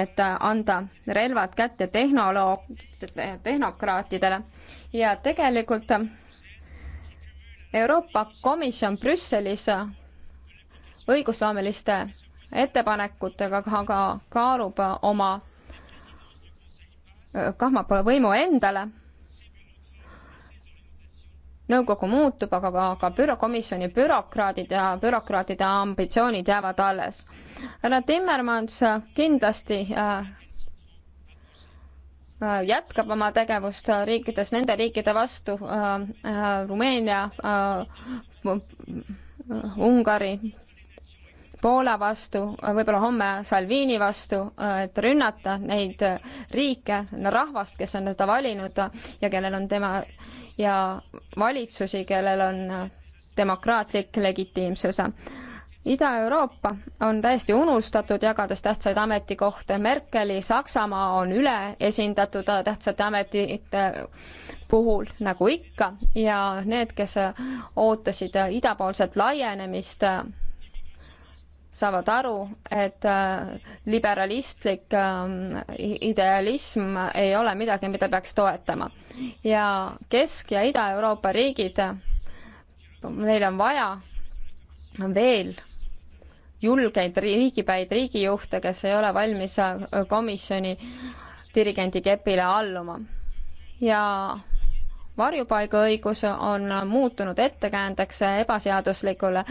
et anda relvad kätte tehnoloog-, tehnokraatidele ja tegelikult Euroopa Komisjon Brüsselis õigusloomeliste ettepanekutega ka, ka kaalub oma kahmab võimu endale nõukogu muutub, aga ka, ka bürokomisjoni bürokraadid ja bürokraatide ambitsioonid jäävad alles. härra Timmermans kindlasti äh, äh, jätkab oma tegevust riikides, nende riikide vastu äh,, äh, Rumeenia äh,, Ungari, Poola vastu, võib-olla homme Salvini vastu, et rünnata neid riike, rahvast, kes on teda valinud ja kellel on tema ja valitsusi, kellel on demokraatlik legitiimsus. Ida-Euroopa on täiesti unustatud, jagades tähtsaid ametikohti. Merkeli Saksamaa on üleesindatud tähtsate ametite puhul, nagu ikka, ja need, kes ootasid idapoolset laienemist, saavad aru, et äh, liberalistlik ähm, idealism ei ole midagi, mida peaks toetama. ja Kesk- ja Ida-Euroopa riigid, neil on vaja veel julgeid riigipäid, riigijuhte, kes ei ole valmis äh, komisjoni dirigendi kepile alluma. ja varjupaigaõigus on muutunud ettekäändeks ebaseaduslikule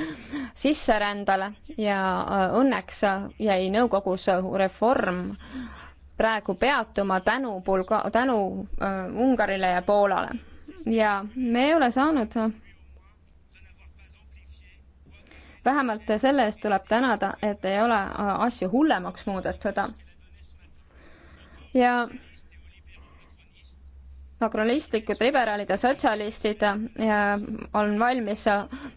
sisserändale ja äh, õnneks jäi nõukogus reform praegu peatuma tänu Bulga-, tänu äh, Ungarile ja Poolale. ja me ei ole saanud vähemalt selle eest tuleb tänada, et ei ole äh, asju hullemaks muudetud. ja makrolistlikud liberaalid ja sotsialistid on valmis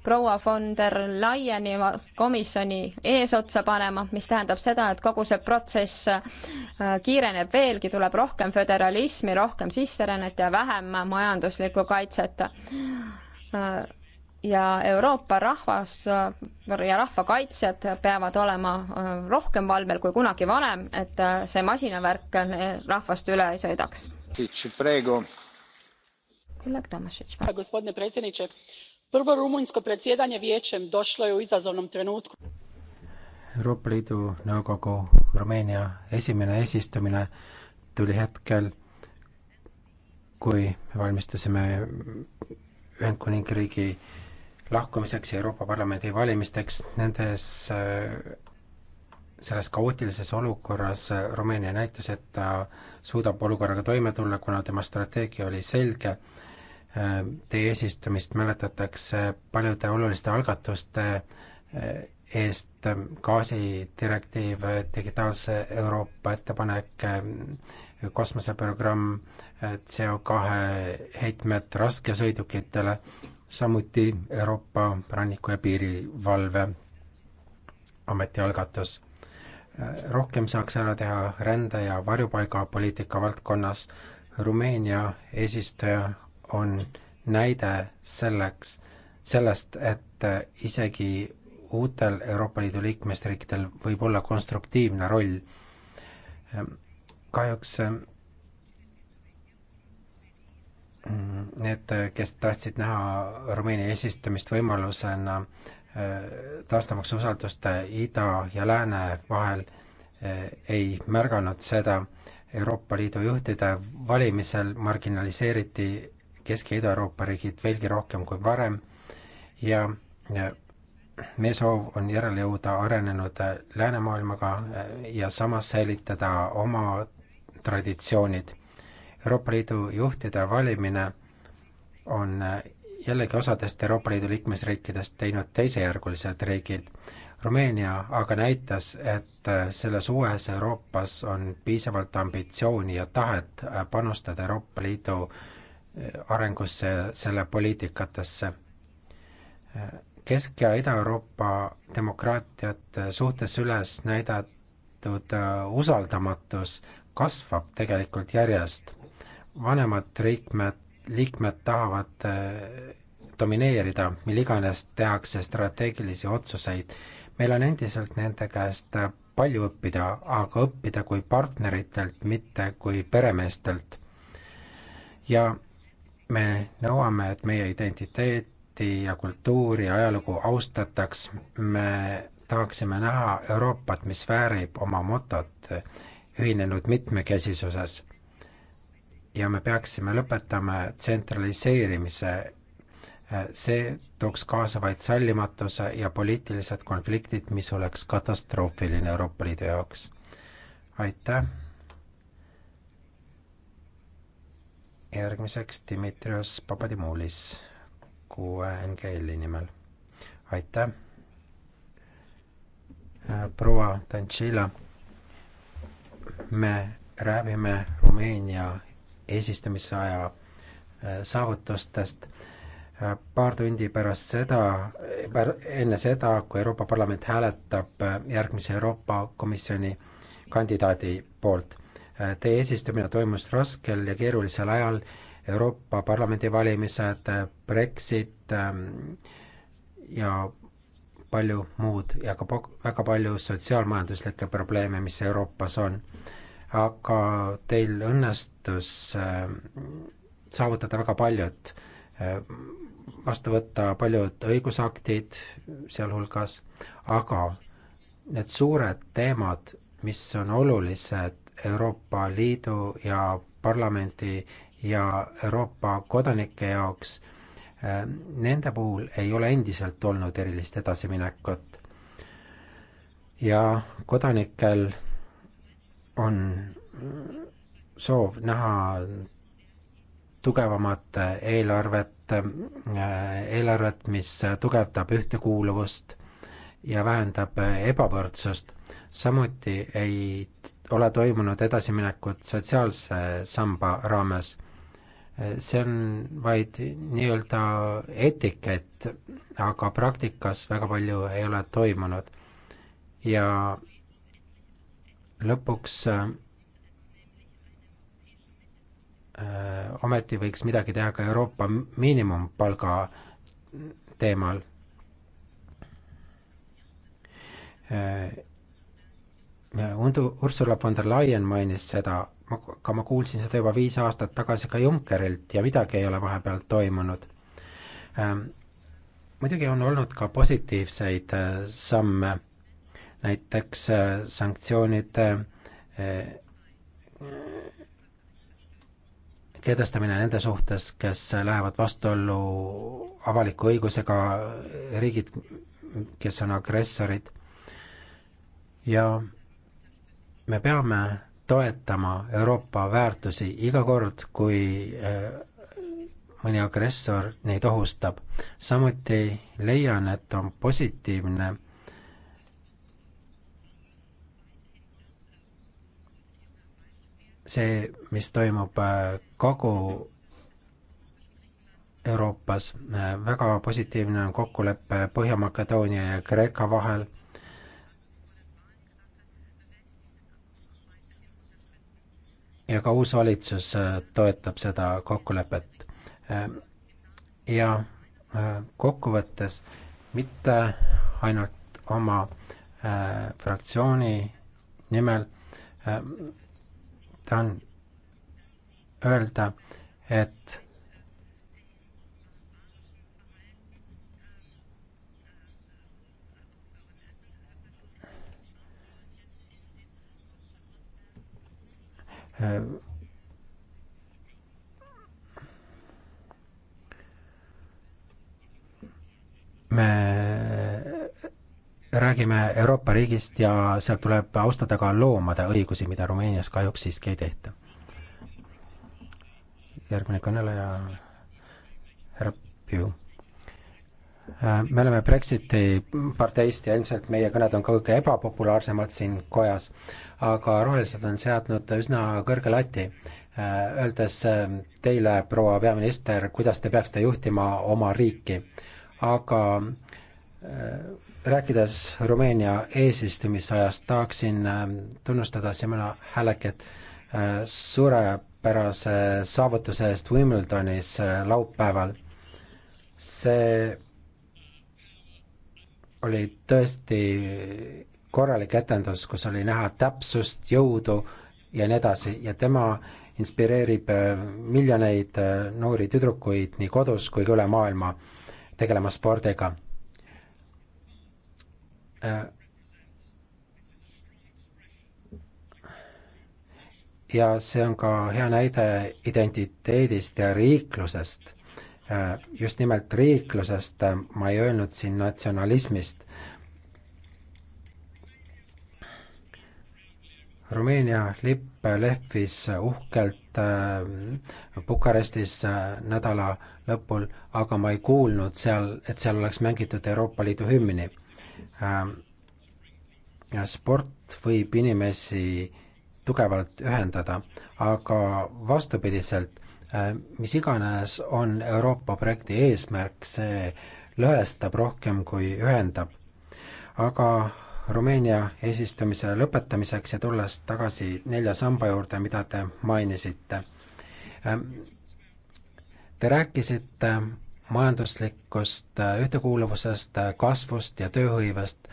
proua von der Leyeni komisjoni eesotsa panema, mis tähendab seda, et kogu see protsess äh, kiireneb veelgi, tuleb rohkem föderalismi, rohkem sisserännet ja vähem majanduslikku kaitset äh, ja Euroopa rahvas äh, ja rahvakaitsjad peavad olema rohkem valvel kui kunagi varem, et see masinavärk rahvast üle ei sõidaks gospodine predsjednie prvo rumunjsko predsjedanje vijeem dolo je u izazovnom trenutku. euroopa liidu nõukogu rumeenia esimene eesistumine tuli hetkel kui me valmistusime ühendkuningriigi lahkumiseks ja euroopa parlamendi valimisteks nendes äh, selles kaootilises olukorras äh, Rumeenia näitas, et ta suudab olukorraga toime tulla, kuna tema strateegia oli selge. Äh, teie eesistumist mäletatakse paljude oluliste algatuste äh, eest, gaasidirektiiv, digitaalse Euroopa ettepanek, kosmoseprogramm, CO kahe heitmed raskesõidukitele, samuti Euroopa Ranniku- ja Piirivalve Ameti algatus Äh, rohkem saaks ära teha rände- ja varjupaigapoliitika valdkonnas. Rumeenia eesistuja on näide selleks, sellest, et äh, isegi uutel Euroopa Liidu liikmesriikidel võib olla konstruktiivne roll. Äh, kahjuks mm, need, kes tahtsid näha Rumeenia eesistumist võimalusena Äh, taastamaks usaldust ida ja lääne vahel, äh, ei märganud seda. Euroopa Liidu juhtide valimisel marginaliseeriti Kesk- ja Ida-Euroopa riigid veelgi rohkem kui varem ja meie soov on järele jõuda arenenud läänemaailmaga äh, ja samas säilitada oma traditsioonid. Euroopa Liidu juhtide valimine on jällegi osadest Euroopa Liidu liikmesriikidest teinud teisejärgulised riigid. Rumeenia aga näitas, et selles uues Euroopas on piisavalt ambitsiooni ja tahet panustada Euroopa Liidu eh, arengusse, selle poliitikatesse. Kesk- ja Ida-Euroopa demokraatiat suhtes üles näidatud eh, usaldamatus kasvab tegelikult järjest. vanemad liikmed liikmed tahavad eh, domineerida, mil iganes tehakse strateegilisi otsuseid. meil on endiselt nende käest eh, palju õppida, aga õppida kui partneritelt, mitte kui peremeestelt. ja me nõuame, et meie identiteeti ja kultuuri ja ajalugu austataks. me tahaksime näha Euroopat, mis väärib oma motot eh, ühinenud mitmekesisuses ja me peaksime lõpetama tsentraliseerimise. see tooks kaasa vaid sallimatuse ja poliitilised konfliktid, mis oleks katastroofiline Euroopa Liidu jaoks. aitäh. järgmiseks Dimitrios Papadimoulis QNGL-i nimel. aitäh. proua Tantšila, me räägime Rumeenia eesistumise aja äh, saavutustest. Äh, paar tundi pärast seda, enne seda, kui Euroopa Parlament hääletab äh, järgmise Euroopa Komisjoni kandidaadi poolt. Teie eesistumine toimus raskel ja keerulisel ajal, Euroopa Parlamendi valimised, Brexit ähm, ja palju muud ja ka väga palju sotsiaalmajanduslikke probleeme, mis Euroopas on aga teil õnnestus äh, saavutada väga paljut, äh, vastu võtta paljud õigusaktid sealhulgas, aga need suured teemad, mis on olulised Euroopa Liidu ja parlamendi ja Euroopa kodanike jaoks, äh, nende puhul ei ole endiselt olnud erilist edasiminekut. ja kodanikel on soov näha tugevamat eelarvet, eelarvet, mis tugevdab ühtekuuluvust ja vähendab ebavõrdsust. samuti ei ole toimunud edasiminekut sotsiaalse samba raames. see on vaid nii-öelda etikett, aga praktikas väga palju ei ole toimunud. ja lõpuks äh, äh, ometi võiks midagi teha ka Euroopa miinimumpalga teemal. Äh, Undu-, Ursula von der Leyen mainis seda, ma, aga ma kuulsin seda juba viis aastat tagasi ka Junckerilt ja midagi ei ole vahepeal toimunud. muidugi on olnud ka positiivseid samme näiteks äh, sanktsioonide äh, äh, kehtestamine nende suhtes, kes lähevad vastuollu avaliku õigusega, riigid, kes on agressorid. ja me peame toetama Euroopa väärtusi iga kord, kui mõni agressor neid ohustab. samuti leian, et on positiivne see, mis toimub äh, Kagu-Euroopas, äh, väga positiivne on kokkulepe Põhja-Makedoonia ja Kreeka vahel ja ka uus valitsus äh, toetab seda kokkulepet. ja kokkuvõttes mitte ainult oma fraktsiooni nimel, tahan öelda, et me räägime Euroopa riigist ja sealt tuleb austada ka loomade õigusi, mida Rumeenias kahjuks siiski ei tehta. järgmine kõneleja, härra Piu äh, me oleme Brexiti parteist ja ilmselt meie kõned on kõige ebapopulaarsemad siin kojas, aga rohelised on seadnud üsna kõrge lati, äh, öeldes äh, teile, proua peaminister, kuidas te peaksite juhtima oma riiki. aga Äh, rääkides Rumeenia eesistumisajast, tahaksin äh, tunnustada Simona Haleket äh, suurepärase saavutuse eest Wimbledonis laupäeval. see oli tõesti korralik etendus, kus oli näha täpsust, jõudu ja nii edasi ja tema inspireerib miljoneid noori tüdrukuid nii kodus kui ka üle maailma tegelema spordiga Äh, ja see on ka hea näide identiteedist ja riiklusest. Äh, just nimelt riiklusest, äh, ma ei öelnud siin natsionalismist. Rumeenia lipp lehvis uhkelt Bukarestis nädala lõpul, aga ma ei kuulnud seal, et seal oleks mängitud Euroopa Liidu hümni Ähm, sport võib inimesi tugevalt ühendada, aga vastupidiselt, ähm, mis iganes on Euroopa projekti eesmärk, see lõhestab rohkem kui ühendab. aga Rumeenia eesistumise lõpetamiseks ja tulles tagasi nelja samba juurde, mida te mainisite. Ähm, te rääkisite majanduslikust äh, ühtekuuluvusest, äh, kasvust ja tööhõivest.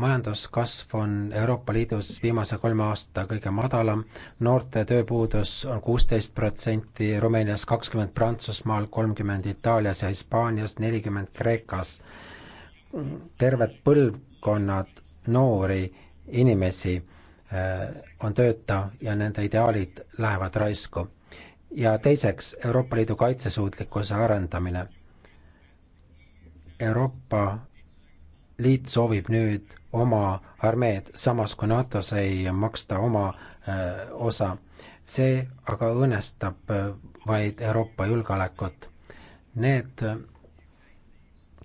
majanduskasv on Euroopa Liidus viimase kolme aasta kõige madalam, noorte tööpuudus on kuusteist protsenti, Rumeenias kakskümmend, Prantsusmaal kolmkümmend, Itaalias ja Hispaanias nelikümmend, Kreekas. terved põlvkonnad noori inimesi äh, on tööta ja nende ideaalid lähevad raisku ja teiseks Euroopa Liidu kaitsesuutlikkuse arendamine. Euroopa Liit soovib nüüd oma armeed, samas kui NATO-s ei maksta oma öö, äh, osa. see aga õõnestab äh, vaid Euroopa julgeolekut. Need, äh,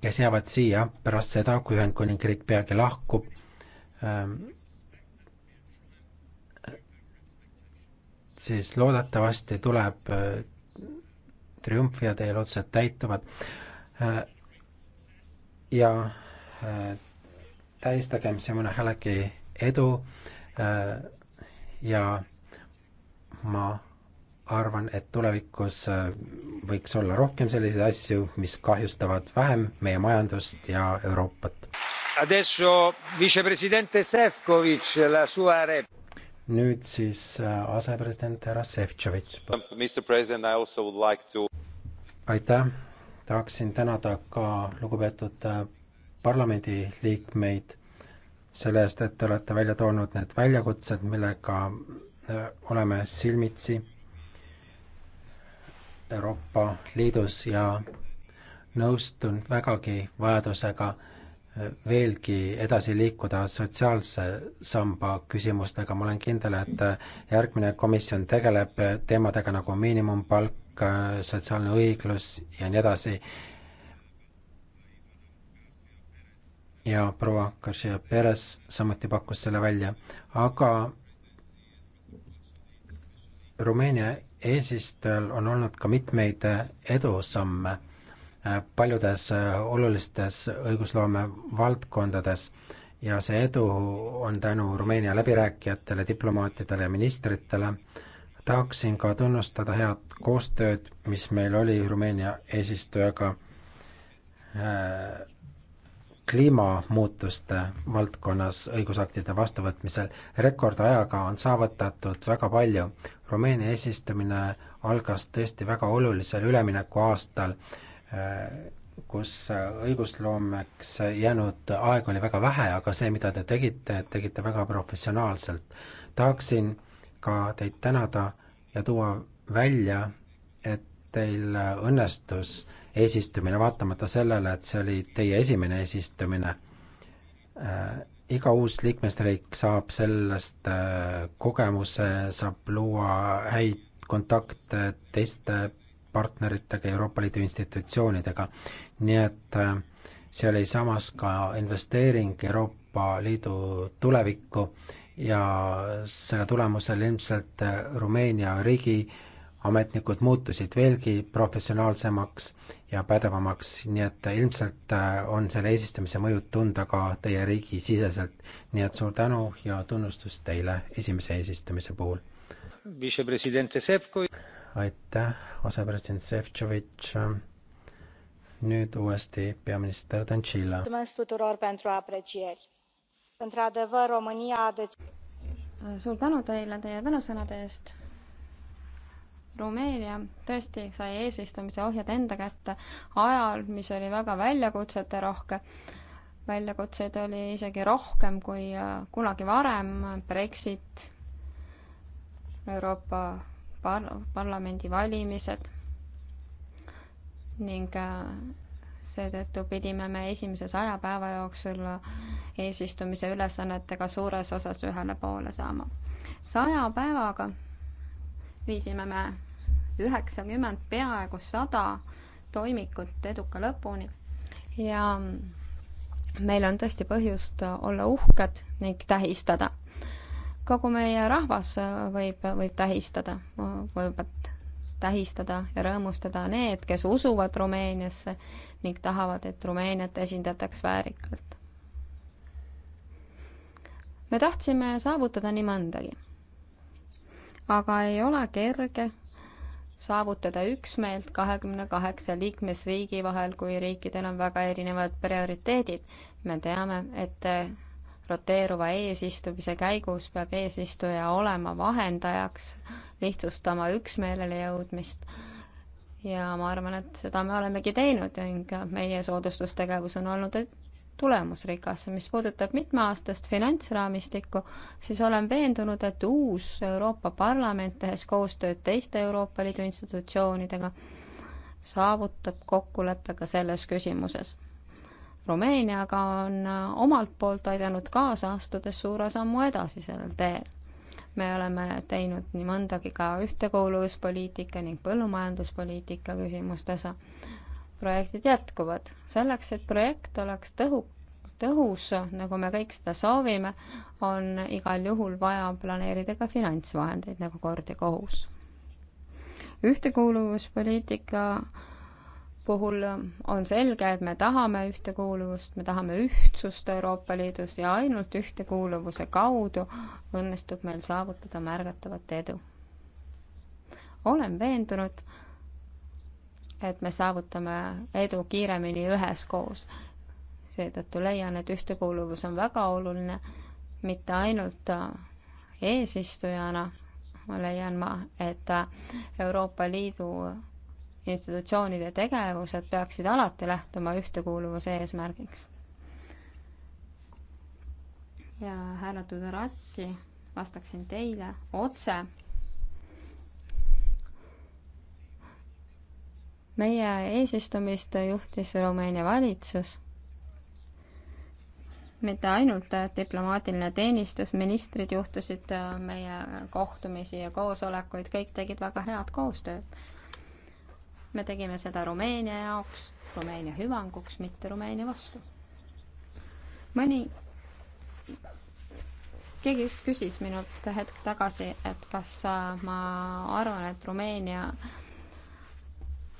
kes jäävad siia pärast seda, kui Ühendkuningriik peagi lahkub, ähm, siis loodetavasti tuleb triumf ja teil otsed täituvad ja äh, tähistagem Simone Haleki edu äh, ja ma arvan, et tulevikus äh, võiks olla rohkem selliseid asju, mis kahjustavad vähem meie majandust ja Euroopat. nüüd siis asepresident härra Šefčovič. aitäh tahaksin tänada ka lugupeetud äh, parlamendiliikmeid selle eest, et te olete välja toonud need väljakutsed, millega äh, oleme silmitsi Euroopa Liidus ja nõustun vägagi vajadusega äh, veelgi edasi liikuda sotsiaalse samba küsimustega, ma olen kindel, et järgmine komisjon tegeleb teemadega nagu miinimumpalk, ka sotsiaalne õiglus ja nii edasi. ja proua Garcia Perez samuti pakkus selle välja, aga Rumeenia eesistujal on olnud ka mitmeid edusamme äh, paljudes äh, olulistes õigusloome valdkondades ja see edu on tänu Rumeenia läbirääkijatele, diplomaatidele ja ministritele tahaksin ka tunnustada head koostööd, mis meil oli Rumeenia eesistujaga äh, kliimamuutuste valdkonnas õigusaktide vastuvõtmisel. rekordajaga on saavutatud väga palju. Rumeenia eesistumine algas tõesti väga olulisel üleminekuaastal, äh, kus äh, õigusloomeks jäänud aega oli väga vähe, aga see, mida te tegite, tegite väga professionaalselt. tahaksin ka teid tänada ja tuua välja, et teil õnnestus eesistumine, vaatamata sellele, et see oli teie esimene eesistumine äh,. iga uus liikmesriik saab sellest äh, kogemuse, saab luua häid kontakte teiste partneritega, Euroopa Liidu institutsioonidega. nii et äh, see oli samas ka investeering Euroopa Liidu tulevikku ja selle tulemusel ilmselt Rumeenia riigi ametnikud muutusid veelgi professionaalsemaks ja pädevamaks, nii et ilmselt äh, on selle eesistumise mõjud tunda ka teie riigi siseselt. nii et suur tänu ja tunnustus teile esimese eesistumise puhul. aitäh, asepresident Šefčovitš. nüüd uuesti peaminister Danchila într adevăr România a deținut suur tänu teile teie tänusõnade eest. Rumeenia tõesti sai eesistumise ohjad enda kätte ajal, mis oli väga väljakutsete rohke. väljakutseid oli isegi rohkem kui äh, kunagi varem, Brexit, Euroopa par-, parlamendi valimised ning äh, seetõttu pidime me esimese saja päeva jooksul eesistumise ülesannetega suures osas ühele poole saama. saja päevaga viisime me üheksakümmend, peaaegu sada toimikut eduka lõpuni ja meil on tõesti põhjust olla uhked ning tähistada. kogu meie rahvas võib, võib tähistada, võivad tähistada ja rõõmustada need, kes usuvad Rumeeniasse ning tahavad, et Rumeeniat esindataks väärikalt. me tahtsime saavutada nii mõndagi, aga ei ole kerge saavutada üksmeelt kahekümne kaheksa liikmesriigi vahel, kui riikidel on väga erinevad prioriteedid. me teame, et roteeruva eesistumise käigus peab eesistuja olema vahendajaks, lihtsustama üksmeelele jõudmist ja ma arvan, et seda me olemegi teinud ning meie soodustustegevus on olnud tulemusrikas. mis puudutab mitmeaastast finantsraamistikku, siis olen veendunud, et uus Euroopa Parlament, tehes koostööd teiste Euroopa Liidu institutsioonidega, saavutab kokkuleppe ka selles küsimuses. Rumeenia aga on omalt poolt aidanud kaasa, astudes suure sammu edasi sellel teel me oleme teinud nii mõndagi ka ühtekuuluvuspoliitika ning põllumajanduspoliitika küsimustes. projektid jätkuvad. selleks, et projekt oleks tõhu-, tõhus, nagu me kõik seda soovime, on igal juhul vaja planeerida ka finantsvahendeid nagu kord ja kohus. ühtekuuluvuspoliitika puhul on selge, et me tahame ühtekuuluvust, me tahame ühtsust Euroopa Liidus ja ainult ühtekuuluvuse kaudu õnnestub meil saavutada märgatavat edu. olen veendunud, et me saavutame edu kiiremini üheskoos. seetõttu leian, et ühtekuuluvus on väga oluline, mitte ainult eesistujana, ma leian ma, et Euroopa Liidu institutsioonide tegevused peaksid alati lähtuma ühtekuuluvuse eesmärgiks. ja härra Tudorakki, vastaksin teile otse. meie eesistumist juhtis Rumeenia valitsus mitte ainult diplomaatiline teenistus, ministrid juhtusid meie kohtumisi ja koosolekuid, kõik tegid väga head koostööd me tegime seda Rumeenia jaoks, Rumeenia hüvanguks, mitte Rumeenia vastu. mõni, keegi just küsis minult hetk tagasi, et kas äh, ma arvan, et Rumeenia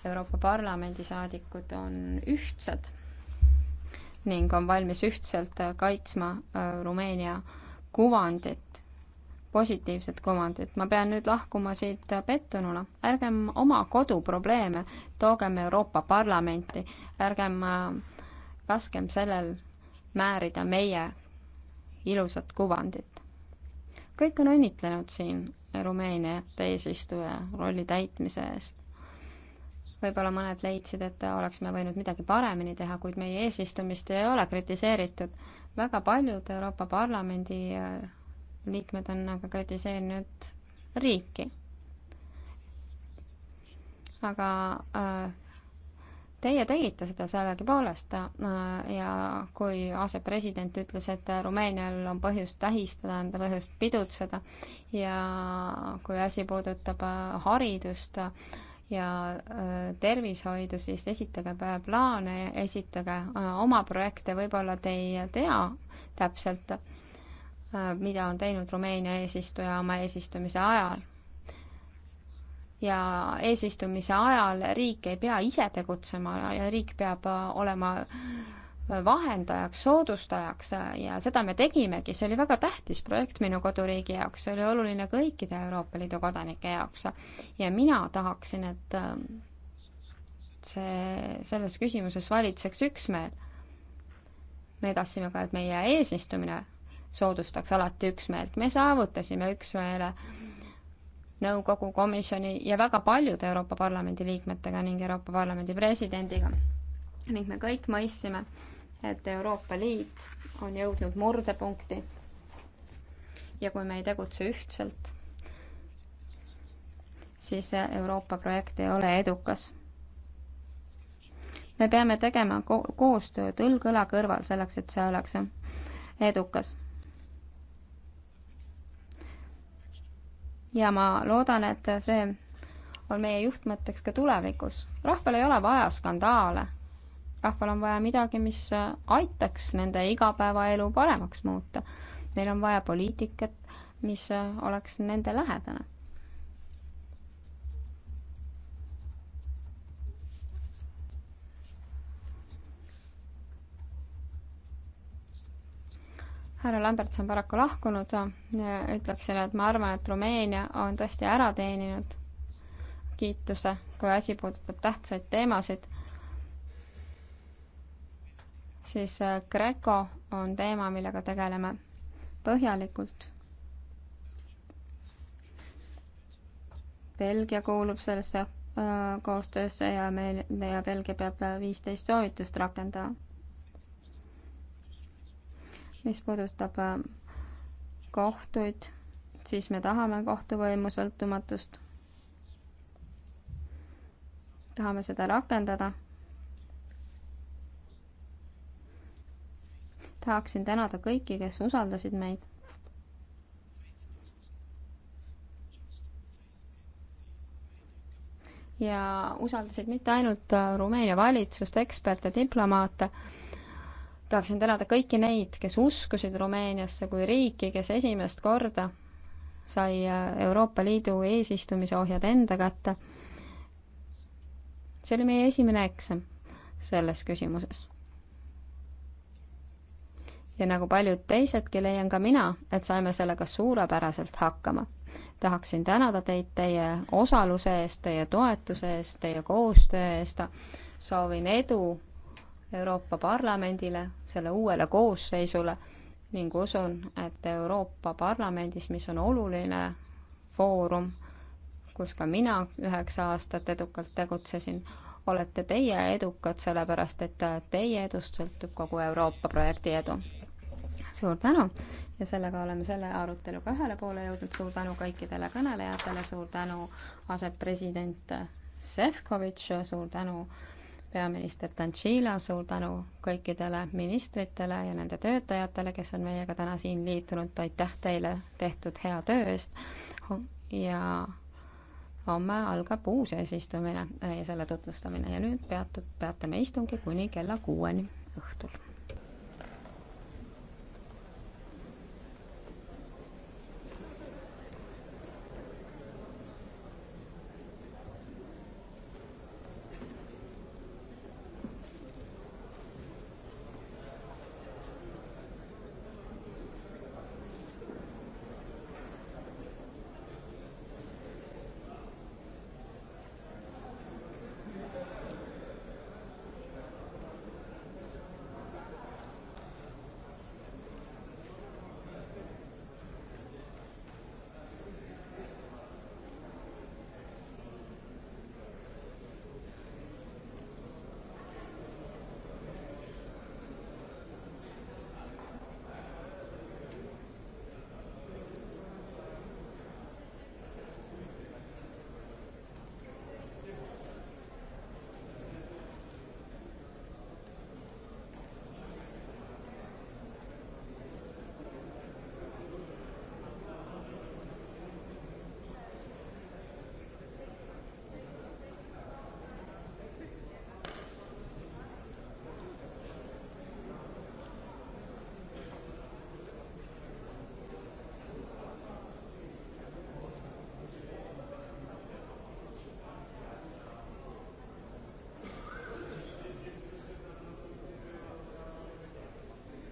Euroopa Parlamendi saadikud on ühtsed ning on valmis ühtselt äh, kaitsma äh, Rumeenia kuvandit positiivset kuvandit. ma pean nüüd lahkuma siit pettununa. ärgem oma koduprobleeme toogem Euroopa Parlamenti, ärgem äh, laskem sellel määrida meie ilusat kuvandit. kõik on õnnitlenud siin Rumeeniat eesistuja rolli täitmise eest. võib-olla mõned leidsid, et oleksime võinud midagi paremini teha, kuid meie eesistumist ei ole kritiseeritud. väga paljud Euroopa Parlamendi äh, liikmed on aga kritiseerinud riiki. aga äh, teie tegite seda sellegipoolest äh, ja kui asepresident ütles, et Rumeenial on põhjust tähistada, on ta põhjust pidutseda ja kui asi puudutab äh, haridust ja tervishoidu, siis esitage plaane, esitage oma projekte, võib-olla te ei tea täpselt, Äh, mida on teinud Rumeenia eesistuja oma eesistumise ajal. ja eesistumise ajal riik ei pea ise tegutsema, riik peab äh, olema äh, vahendajaks, soodustajaks ja seda me tegimegi, see oli väga tähtis projekt minu koduriigi jaoks, see oli oluline kõikide Euroopa Liidu kodanike jaoks. ja mina tahaksin, et see, selles küsimuses valitseks üksmeel. me tahtsime ka, et meie eesistumine soodustaks alati üksmeelt. me saavutasime üksmeele nõukogu komisjoni ja väga paljude Euroopa Parlamendi liikmetega ning Euroopa Parlamendi presidendiga. ning me kõik mõistsime, et Euroopa Liit on jõudnud murdepunkti. ja kui me ei tegutse ühtselt, siis Euroopa projekt ei ole edukas me peame tegema ko koostööd õlg õla kõrval selleks, et see oleks edukas. ja ma loodan, et see on meie juhtmõtteks ka tulevikus. rahval ei ole vaja skandaale. rahval on vaja midagi, mis aitaks nende igapäevaelu paremaks muuta. Neil on vaja poliitikat, mis oleks nende lähedane. härra Lamberts on paraku lahkunud, ütleksin, et ma arvan, et Rumeenia on tõesti ära teeninud kiituse, kui asi puudutab tähtsaid teemasid, siis äh, Greco on teema, millega tegeleme põhjalikult. Belgia kuulub sellesse äh, koostöösse ja meil, meie Belgia peab äh, viisteist soovitust rakendama mis puudutab äh, kohtuid, siis me tahame kohtuvõimu sõltumatust. tahame seda rakendada. tahaksin tänada kõiki, kes usaldasid meid. ja usaldasid mitte ainult äh, Rumeenia valitsust, eksperte, diplomaate tahaksin tänada kõiki neid, kes uskusid Rumeeniasse kui riiki, kes esimest korda sai äh, Euroopa Liidu eesistumise ohjad enda kätte. see oli meie esimene eksam selles küsimuses. ja nagu paljud teisedki, leian ka mina, et saime sellega suurepäraselt hakkama. tahaksin tänada teid teie osaluse eest, teie toetuse eest, teie koostöö eest, soovin edu Euroopa Parlamendile, selle uuele koosseisule ning usun, et Euroopa Parlamendis, mis on oluline foorum, kus ka mina üheksa aastat edukalt tegutsesin, olete teie edukad, sellepärast et teie edust sõltub kogu Euroopa projekti edu. suur tänu ja sellega oleme selle aruteluga ühele poole jõudnud, suur tänu kõikidele kõnelejatele, suur tänu asepresident Sefkovitš, suur tänu peaminister Tantšila, suur tänu kõikidele ministritele ja nende töötajatele, kes on meiega täna siin liitunud, aitäh teile tehtud hea töö eest ja homme algab uus eesistumine äh, ja selle tutvustamine ja nüüd peatub, peatame istungi kuni kella kuueni õhtul.